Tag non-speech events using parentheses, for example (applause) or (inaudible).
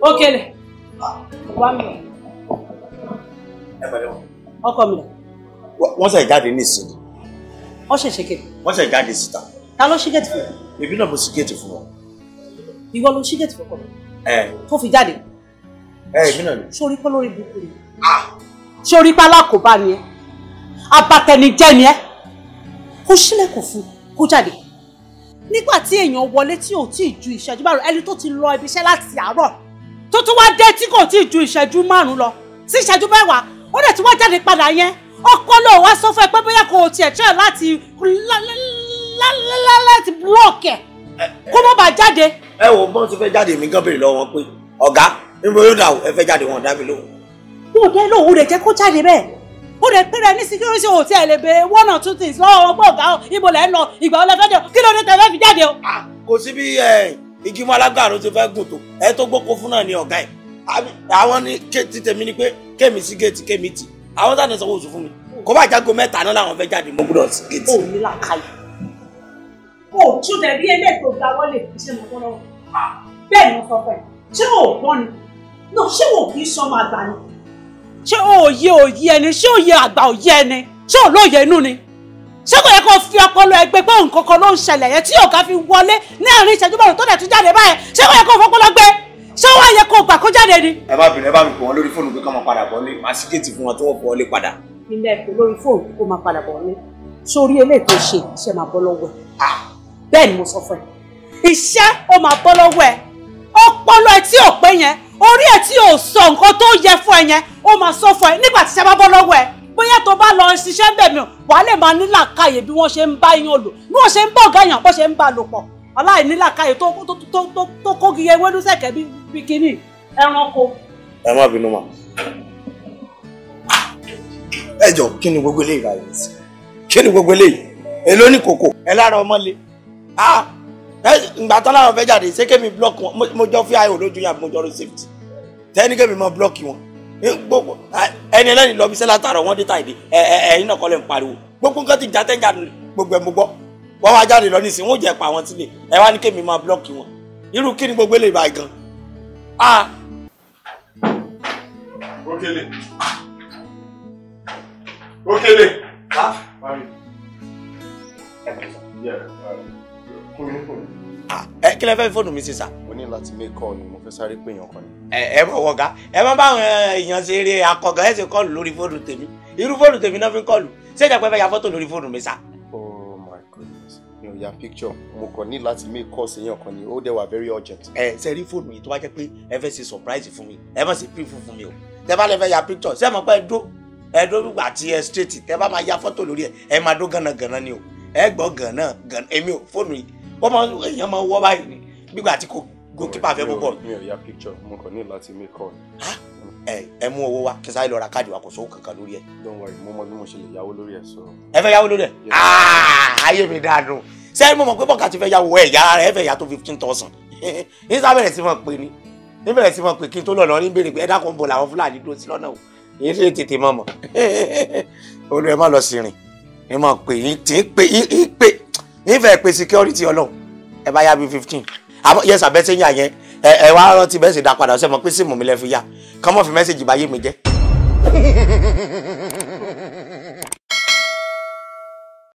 Okele. Wá mi. Ẹ pẹ̀lẹ́ wọn. Ọkọ mi. Wọ́n ṣe jáde ní ìsinmi. Wọ́n ṣẹ̀ṣẹ̀ kéde. Wọ́n ṣe jáde síta. Ta ló ṣí gẹ̀tì fún ẹ? Èmi náà mo ṣí gẹ̀tì ìwọ ló ṣí gẹ̀ẹ́tì fọkọ rẹ tó fi jáde sórí pọ́ lórí burúkú ni sórí pálá kò bá ni ẹ abatẹnijẹ ni ẹ kó sílẹ̀kùn fún kó jáde nígbà tí èèyàn wọlé tí ò tí ì ju ìṣẹ́jú márùn ẹni tó ti lọ ibiṣẹ́ láti àárọ̀ tó tún wá dé tí kò tí ì ju ìṣẹ́jú márùn lọ sí ìṣẹ́jú mẹ́wàá ó dẹ̀ tún wá jáde padà yẹn ọpọlọ wa sọ fún ẹ pé bóyá kò tiẹ̀ tíra láti láti búlọ̀kì ẹ̀ kó má bàa jáde ẹ wo bọ́n ti fẹ́ jáde mi gan béèrè lọ́wọ́ wọn pé ọ̀gá níbo yóò dà o ẹ fẹ́ jáde wọn dá lóhùn. mo dé lóhùn rẹ̀ jẹ́ kó jáde bẹ́ẹ̀ ó rẹ̀ pẹ́rẹ́ ní security hotel lè bẹ one or two things lọ́wọ́ wọn gbọ́ o ibo lẹ́ ń lọ ìgbà ọlẹ́ fẹ́ kí ló dé tẹ́ fẹ́ fi jáde o. Ah, kò sí bí igi mọ alágbàro ti fẹ́ gùn tó ẹ tó gbóko fún náà ni ọ̀gá ẹ̀ àwọn ní ti tèmi ni pé kémi sí géètì kémi tì àwọn sáà ní sanwó oṣù fún mi kò bá jágo mẹ́ta náà làwọn fẹ́ jáde mo gbọ́dọ̀ sí géètì o tí o tẹ̀ bí ẹgbẹ́ tó gba wọlé iṣẹ́ mi fún lọ́wọ́ bẹ́ẹ̀ ni wọ́n sọ fẹ́ ṣé o gbọ́n ni no ṣé o kì í sọmọ àgbà ni. ṣé òye òye ẹni ṣé òye àgbà òye ẹni ṣé òlóye inú ni ṣé kò yẹ kó fi ọpọlọ ẹgbẹ́ pé nǹkan kan ló ń ṣẹlẹ̀ yẹn tí ọ̀gá fi wọlé ní àárín ìṣẹ́jú márùn tó dẹ̀ tún jáde báyẹn ṣé kò yẹ kó fọpọlọ gbé ṣé wọ́n yẹ kó gbà kó jáde ni. ẹ bá bìnrin ẹ bá mi pọ̀ wọn lórí fóònù pé ká máa padà bọ̀ ní màsíkètì fún wọn tí wọ́n bọ̀ ọ́ lé padà. ilé ẹ̀kọ́ lórí fóònù kó máa padà bọ̀ ní sórí eléyìí tó ṣe iṣẹ́ máa bọ́ lọ́wọ́ ẹ̀. Ah! bẹ́ẹ̀ ni mo sọ fún ẹ iṣẹ́ ó máa bọ́ lọ́wọ́ ẹ ọpọlọ ẹ tí ò pé yẹn orí ẹ tí ò sọ nǹkan tó yẹ fún ẹ yẹn ó máa sọ fún ẹ nígbà tí iṣẹ́ bá bọ́ lọ́wọ́ ẹ bóyá tó bá lọ ṣiṣẹ́ bẹ̀ mí wàá lè máa nílàkàyè bí wọ́n ṣe ń bá yín lò bí wọ́n ṣe ń bọ̀ ọ̀gá yàn bó ṣe ń bá lò pọ̀ aláìnílàkàyè tó tó tó tó tó sẹ̀kẹ́ bí kíní ẹranko. ẹ má bínú mà ẹ jọ kí ni gbogbo eléyìí rà yìí kí ni gbogbo eléyìí èló ní kòkò ẹ lára ọmọ le ah eh, ìgbà tán láwọn fẹ́ jáde ṣé kémi block wọn mo jọ fi ayò lójú yàrá mo jọ rí safety tẹ́ni kémi mọ block wọn eh, gbogbo eh, ẹni ẹlẹ́ni lọ bí sẹ́lá tààrọ̀ wọ́n dé ta ìdí ẹ ẹ ẹ̀yin náà kọ́ lẹ́ ń pariwo gbogbo nǹkan ti já tẹ́jà gbogbo ẹ̀ mo gbọ́ wọ́n wá jáde lọ nísìnyí wọ́n jẹ́ pa àwọn sílẹ̀ ẹ wá ní kémi máa búlọ́ọ̀kì wọn irú kí ni gbogbo èlé ìbá gan. Ah! Okele Okele. Ah! ẹ kí lẹ fẹ́ fóònù mi sí mo ní láti make call mo fẹ́ sáré pé èèyàn kan ni. ẹ ẹ wọ̀gá ẹ má báwọn èèyàn ṣe eré akọ̀gàn ẹ̀ ṣe kọ́ọ̀lù lórí fóònù tèmi irú fóònù tèmi náà fi ń kọ́ọ̀lù ṣé ìjà pẹ́ fẹ́ ya fọ́tò lórí fóònù mi sà. oh my goodness mi ò ya picture mo kàn ní láti make call sí èèyàn kan ni ó dẹ̀ wà very urgent. ẹ ṣe rí fóònù yìí tó wá jẹ́ pé ẹ fẹ́ ṣe surprise fún mi ẹ má ṣe pín fún mi o tẹ bá picture ṣé ẹ mọ̀ pé ẹ straight tẹ bá máa ya fọ́tò lórí ẹ ẹ wọ́n máa èèyàn máa wọ́ báyìí ni gbígbà tí kò goalkeeper fẹ́ bọ́ bọ́ọ̀lù. mi ò ya picture mo kàn ní láti mi kọ́ ẹ ẹ mú owó wa kí n lọ ra káàdì wa kò sówó kankan lórí ẹ. don't worry mo mọ bí mo ṣe lè yáwó lórí ẹ sọ. ẹ fẹ́ yáwó lórí ẹ ah, ayé mi dànù sẹ́yìn mo mọ̀ pé bọ́ọ̀kà ti fẹ́ yáwó ẹ̀ yára rẹ̀ ẹ fẹ́ yá tó fifteen thousand (laughs) ní sábẹ̀rẹ̀ sí mọ̀ pé ni ní bẹ̀rẹ̀ sí mọ̀ pé kí n tó lọ lọ ní bèrè pé ẹ dákun bò làwọn fúlàní dúró sí lọ́nà o èyí ṣe tètè mọ̀ mọ̀ (laughs) olú ẹ má lọ sí rìn ẹ má pè yín tí ń pè yín pè ìfẹ́ pé security ọlọ́run ẹ bá yá bíi fifteen àmọ́ yẹ́sà bẹ́ẹ̀ sẹ́yìn àyẹn ẹ ẹ wá rántí bẹ́ẹ̀ sì dá padà ọ̀sẹ̀ mọ̀ pé síìmù mi lẹ́ fi yá kọ́mọ́ fi mẹ́sẹ̀gì bá yé mi jẹ́. (laughs)